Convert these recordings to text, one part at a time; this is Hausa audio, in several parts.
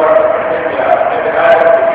Gracias. la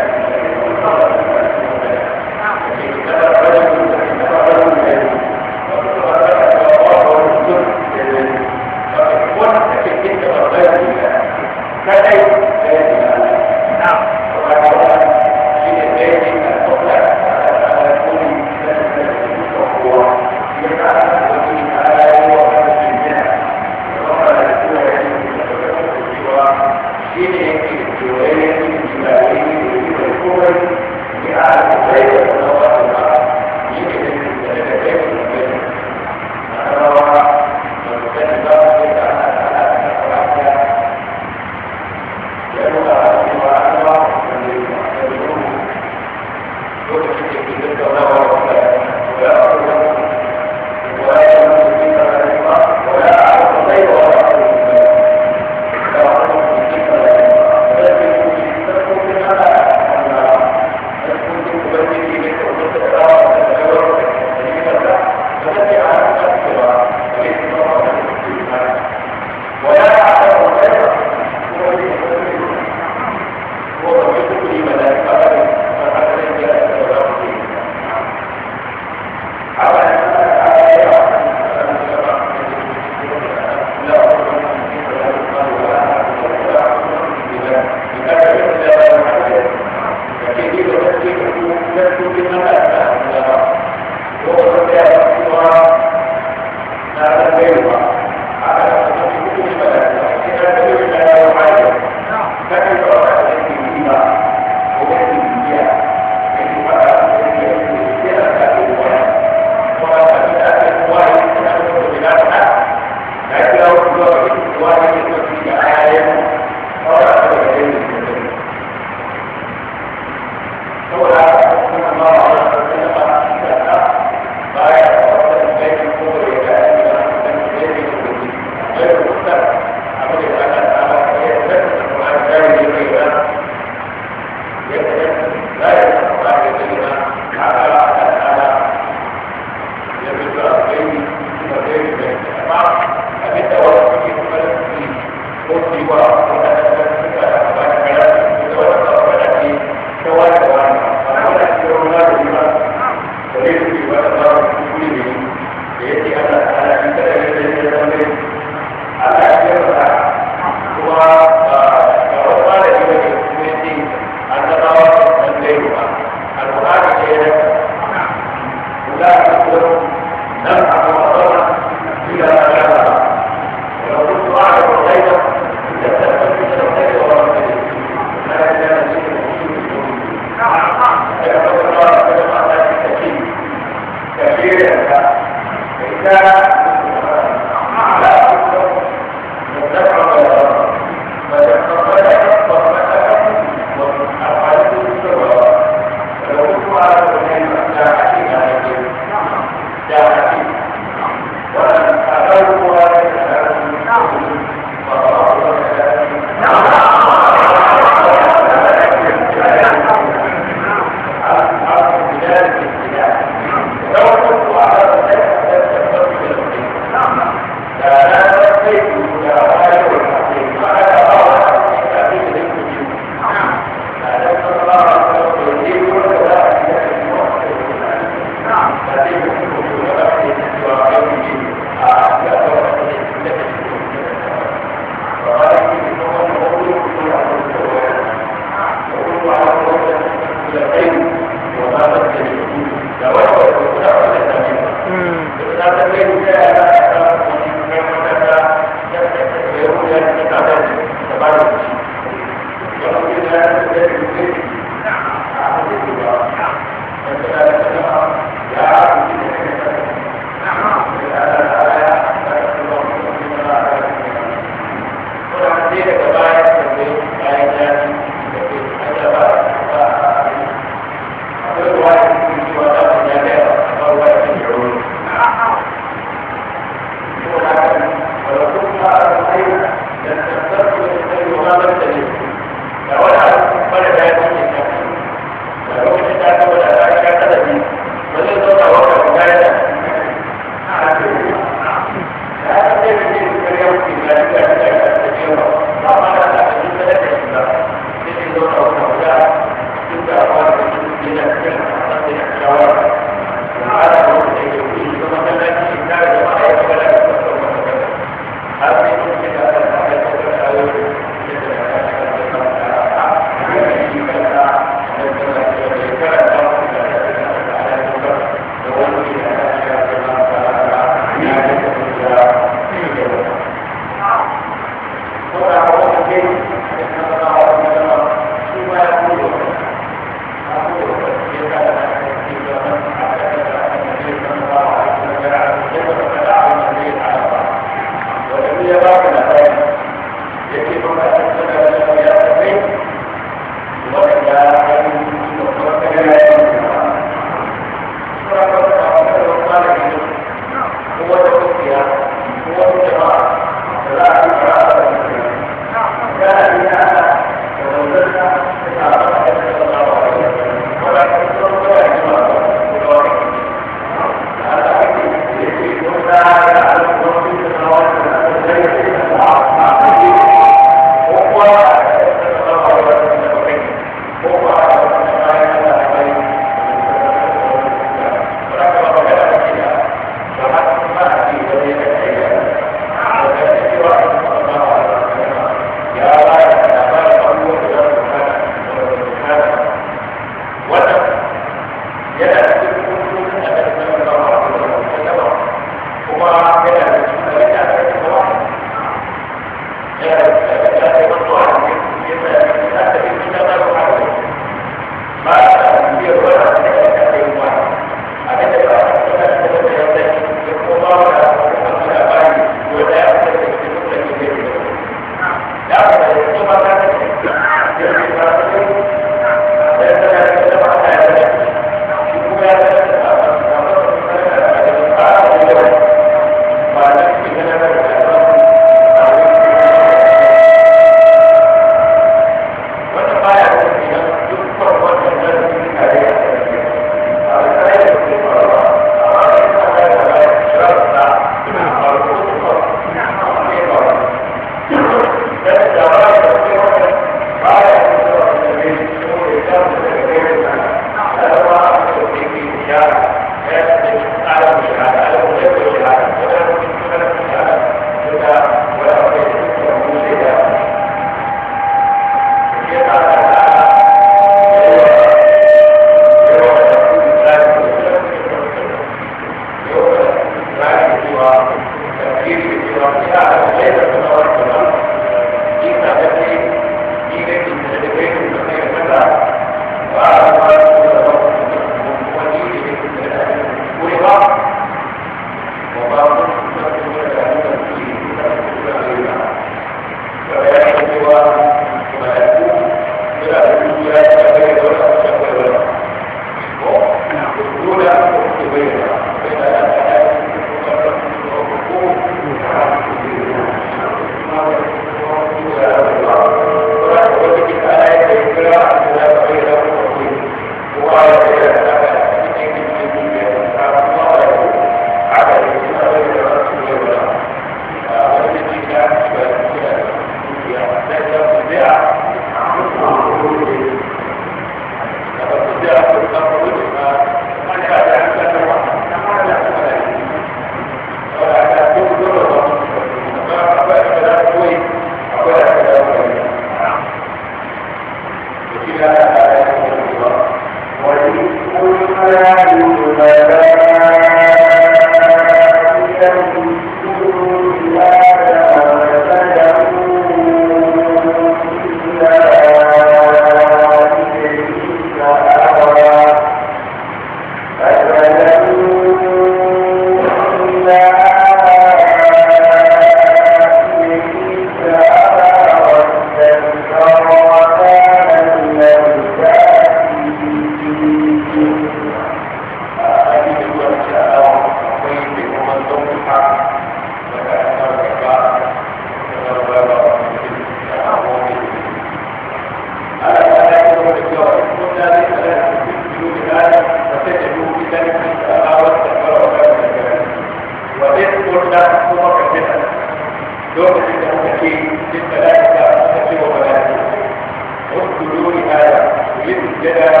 كده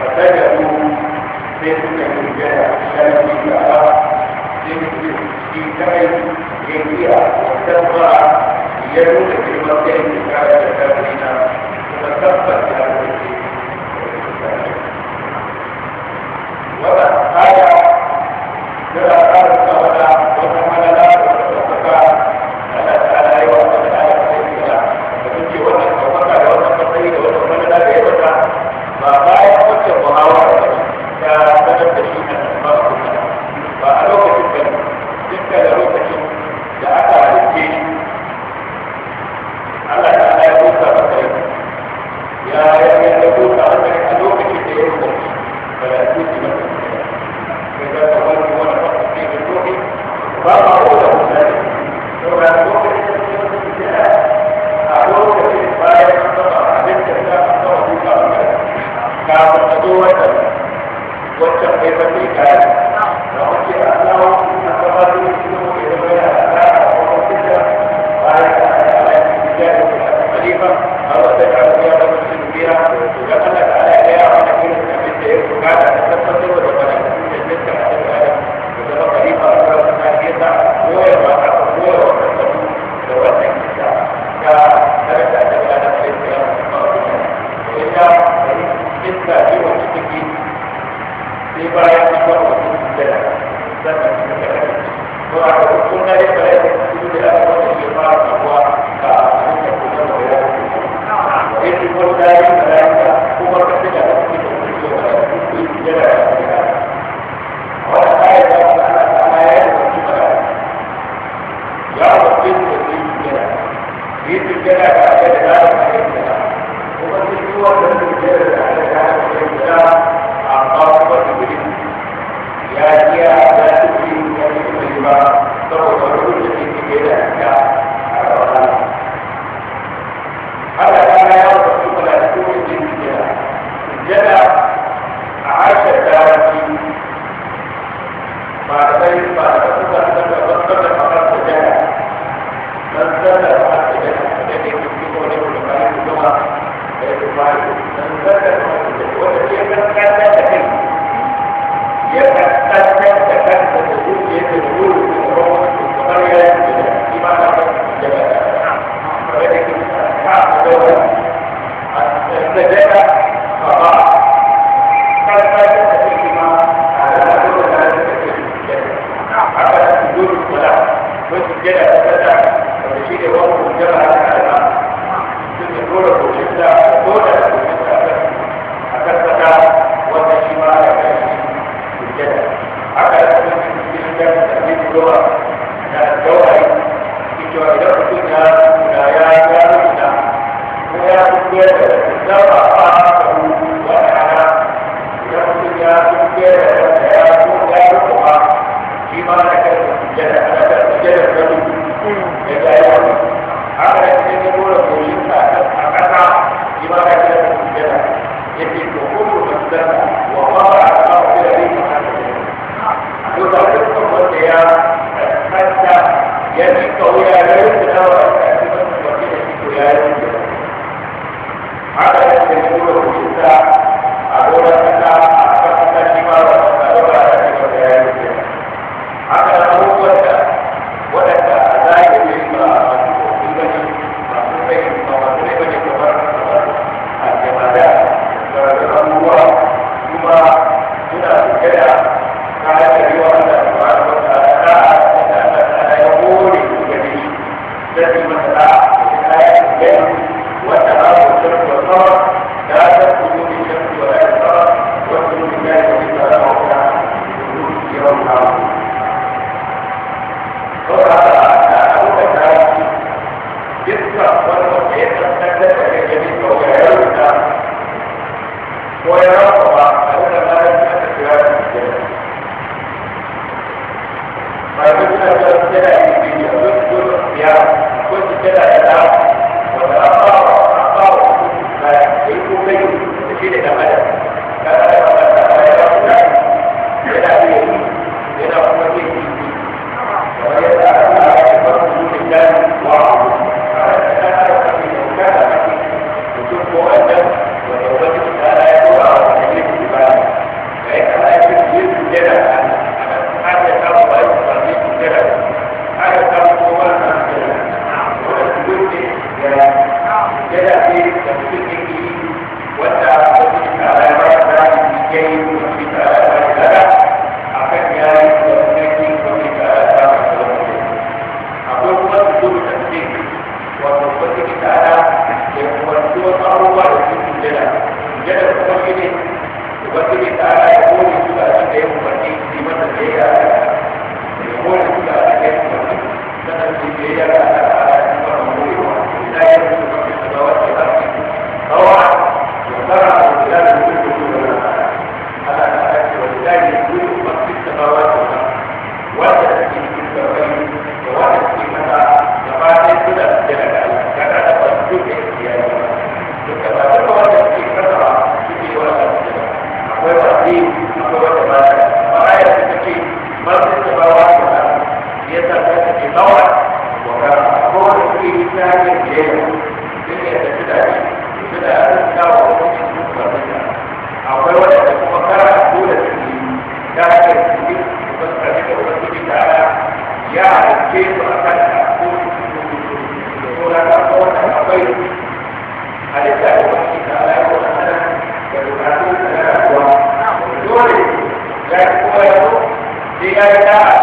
فسجدوا سيكون الرجال عشان يجي على سيكون في كمل يجيء وتبقى يدوك في المكان بتاع الكافرين وتكفت llega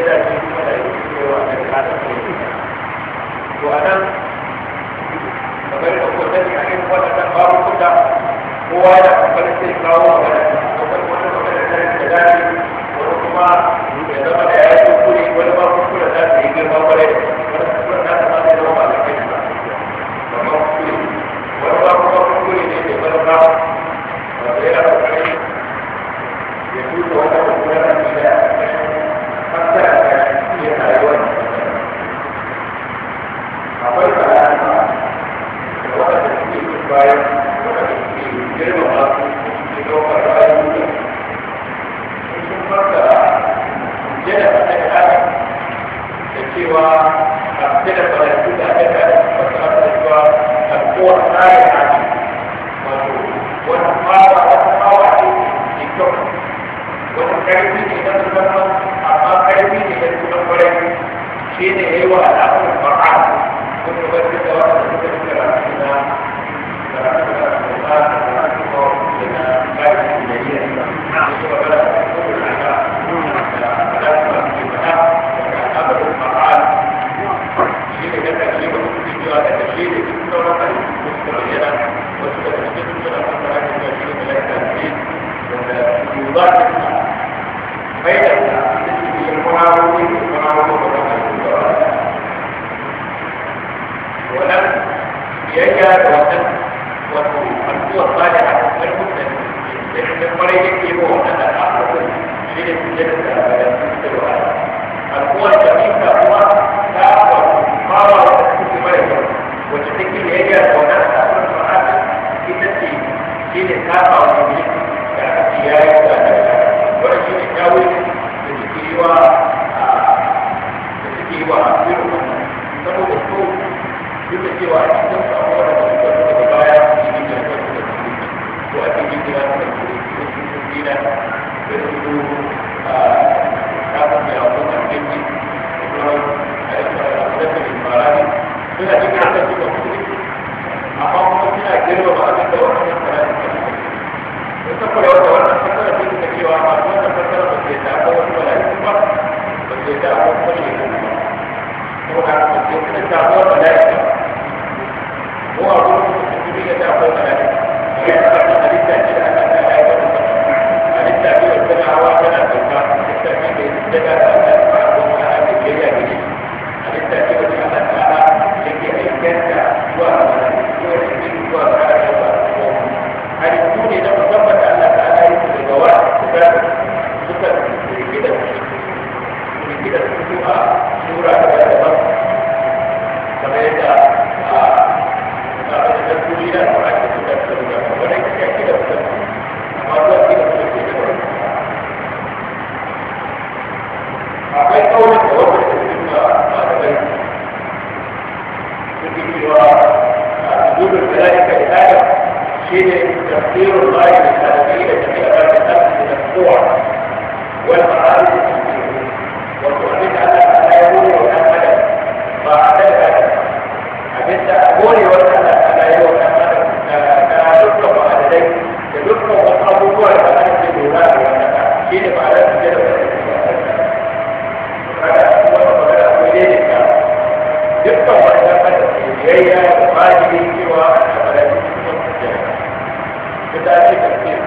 gidaje kuma da yake cewa a kan kada to a nan kamar da ko sani a kan waɗannan babu kuta kowa yana kokarin sai kawo ta wani kuma ya zama da ya yi kuskure wani ma kuskure za su yi شيء تفسير الغاية السلبية في أبعاد الأمس المفتوح والمعارض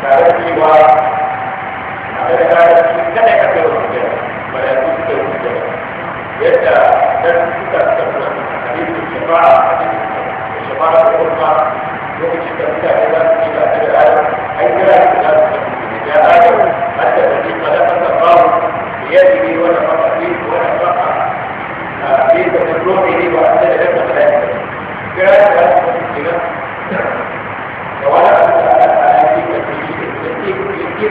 tare da cewa a da kada shi kada ka kai wani gida ba da su suke wani gida yadda dan suka suka suna hadisin shafa'a hadisin shafa'a da kuma lokacin da mutane za su kira ta da adam ai kira su za su tafi da ya adam hatta da shi malaka ta bawo بيده ولا تقدير ولا فقر في تجربه وأسئلة لك ملائكة كانت هذه المشكلة siffarce shi da su Allah ta ya ce ka da hannunsa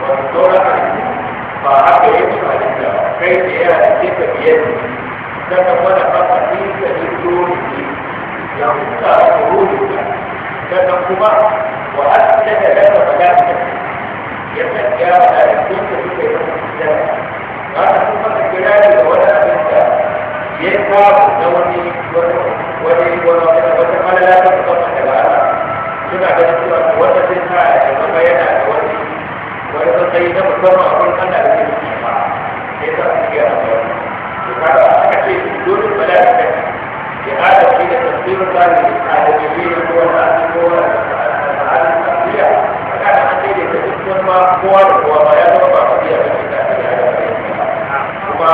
wani sauran halittu ba haka ya ce halitta kai da yana da siffa biyar ne sannan wani fasa ne da ne dole ne ya huta a kururuka sannan kuma wa asita da daga mala'ika ya san ya mala'ikun da suka yi masu jira ba ta kuma kira ne da wani abin da ya kawo da wani wani wani wata malala ta musamman daga Allah suna da cewa wata zai sa ya zama yana da wani wani matsayi na musamman a wurin Allah da zai yi ma sai sa su yi yana wani to kaga aka ce dole mala'ika ya hada shi da tafsirin zai a da bibi da kowa da kowa da ta'ala da tafiya kaga an ce da duk wani ma kowa da kowa ma ya zama ba tafiya da ke tafiya da kuma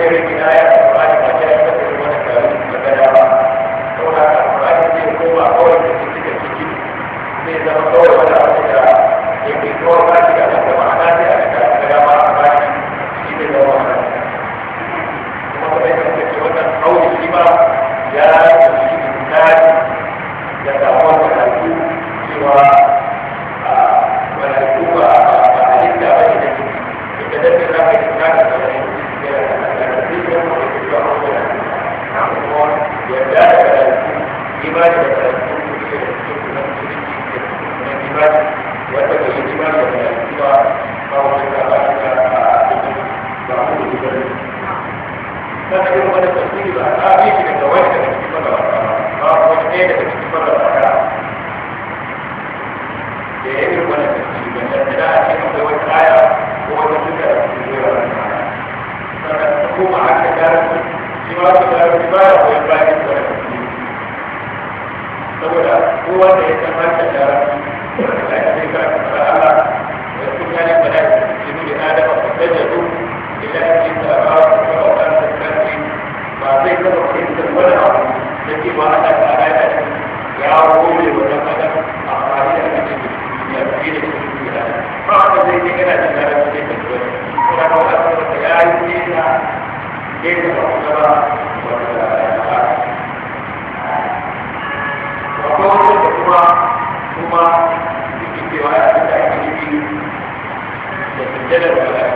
ya rage na ya yana da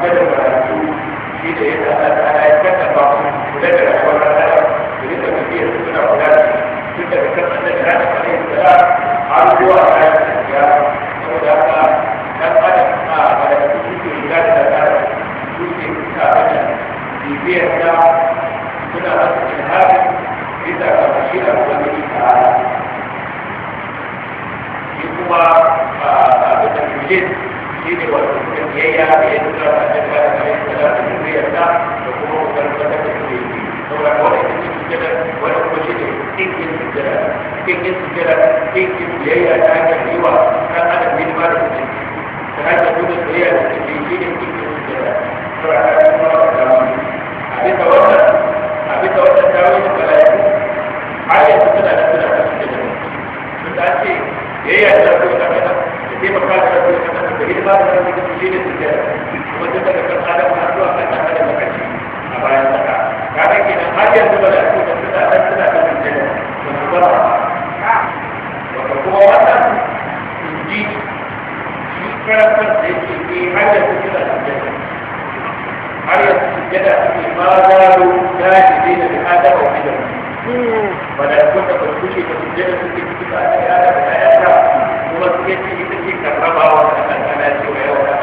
game da karatu shi da yadda Allah ta aikata ba kula da rayuwar rana da yadda tafiyar suna kula da shi tun daga kan annabi rana alaihi salam har zuwa rana da ya saboda haka dan adam a malaiku su ke kula da rana su ke kula da bibiyar ta suna da ilhami bisa ga mashi'ar ubangiji ta'ala shi kuma a abin da shi ne wato biyayya da ya nuna tafiyarsa da kuma kokarin da kake yi saboda wannan cikin sujjada wannan kuma shi ne cikin sujjada cikin sujjada cikin biyayya ta hanyar yi wa kan adam ne ba da cikin ta hanyar nuna soyayya da cikin shi ne cikin sujjada saboda ta kuma ba ta wani a bisa wannan a bisa wannan tawon da bala'i ayar su tana da suna ta sujjada sun ta ce biyayya ta zo ta kasa da taimaka da ta zo ta kasa da hidima da ta zo ta shi ne sujjada yana cikin ma zaro jahili da hada wa gidan mala'ikun da basu kushe ba su je da suke cikin ba da yara da yara kuma suke cikin karrama wa da kankana cewa yawa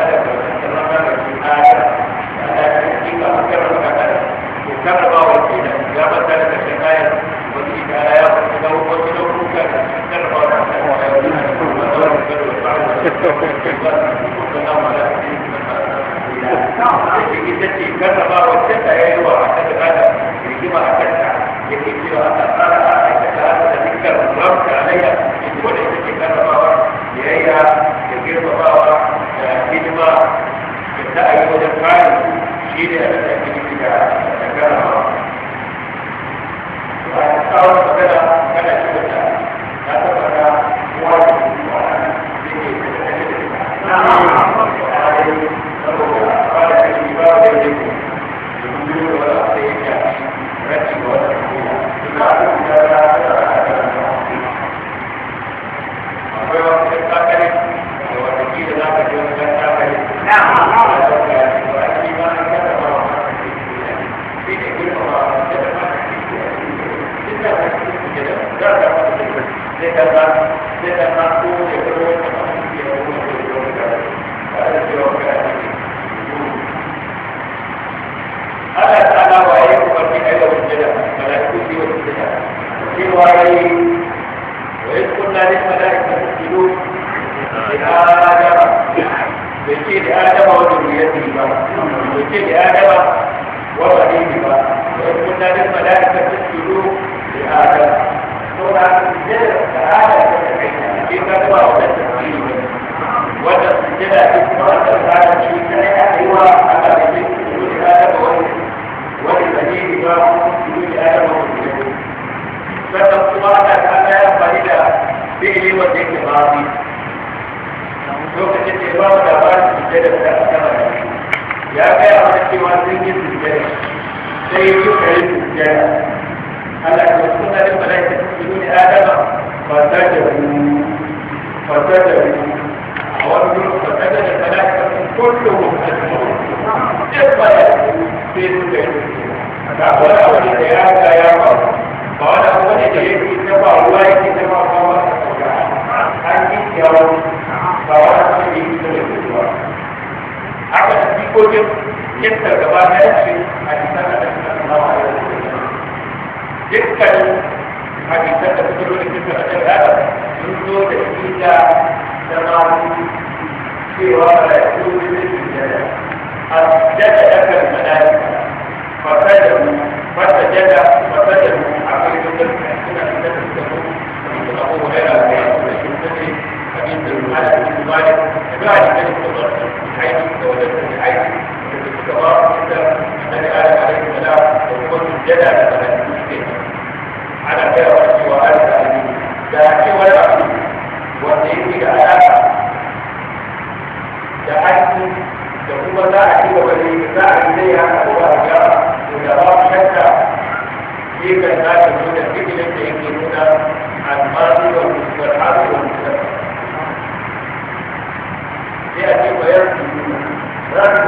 Yeah. تلك الآية من الذكر التي يكلمون عن الماضي والحال والمستقبل يأتي ويرسل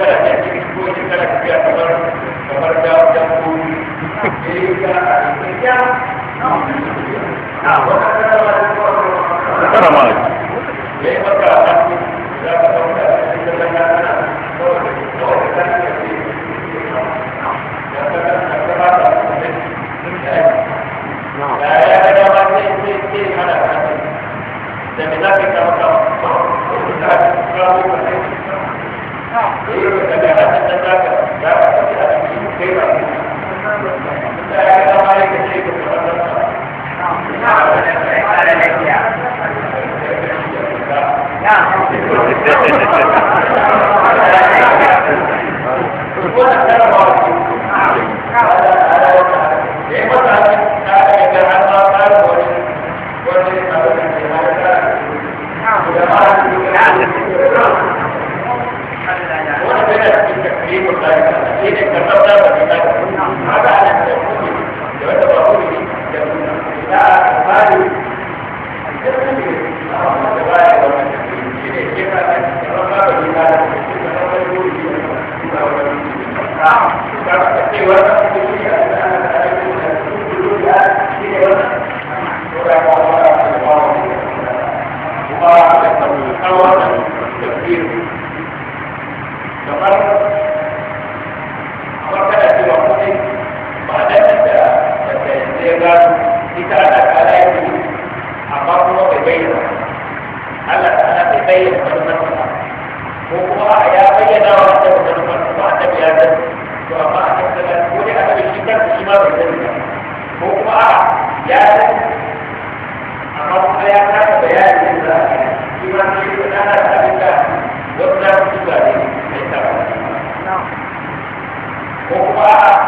kana da ciki ko shi kana tafiya kamar kamar da da ya da lafiya Thank you. يبين Allah ta'ala bai bayyana manufar ba ko kuma a ya bayyana wa da manufar ba a tabi ya zai to amma a kan da ko dai aka shi kan shi ma bai zai ko kuma a ya zai amma kuma ya kasa bayani da za a yi shi ma shi ko ana da abin da wasu za su ba ne mai tabbata ko kuma a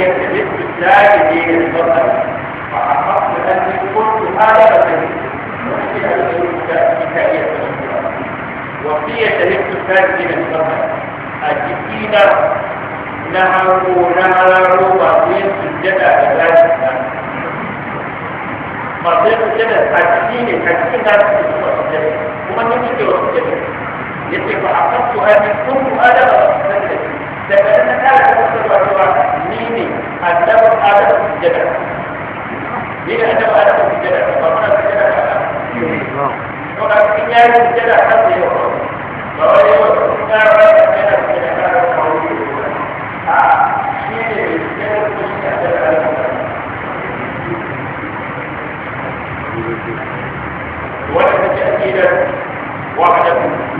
هي الاستدلال به البطل فحققت اني قلت هذا بدليل وفي الكتابية وفي تلك الثالث من البطل الدين نهروا نهروا وفي سجدة بذلك مرضي سجدة حدثين الحدثين هذا سجدة ومن يمكن سجدة يتفحققت اني قلت هذا بدليل daga nan na kara tabbatar da cewa ni ne annabi adam sujjada ni ne annabi adam sujjada ba kuma sujjada ba ko da kin yayi sujjada kan da yau ba wai yau ka ba ka kana sujjada ka ba ko a shi ne sujjada ko shi ka da wannan take akidar wahdatul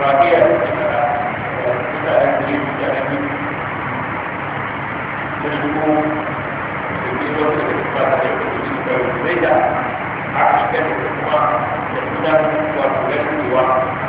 bahagia kita akan beri kita akan beri bersyukur bersyukur kepada Tuhan yang berbeda hakikat semua dan sudah membuat keluar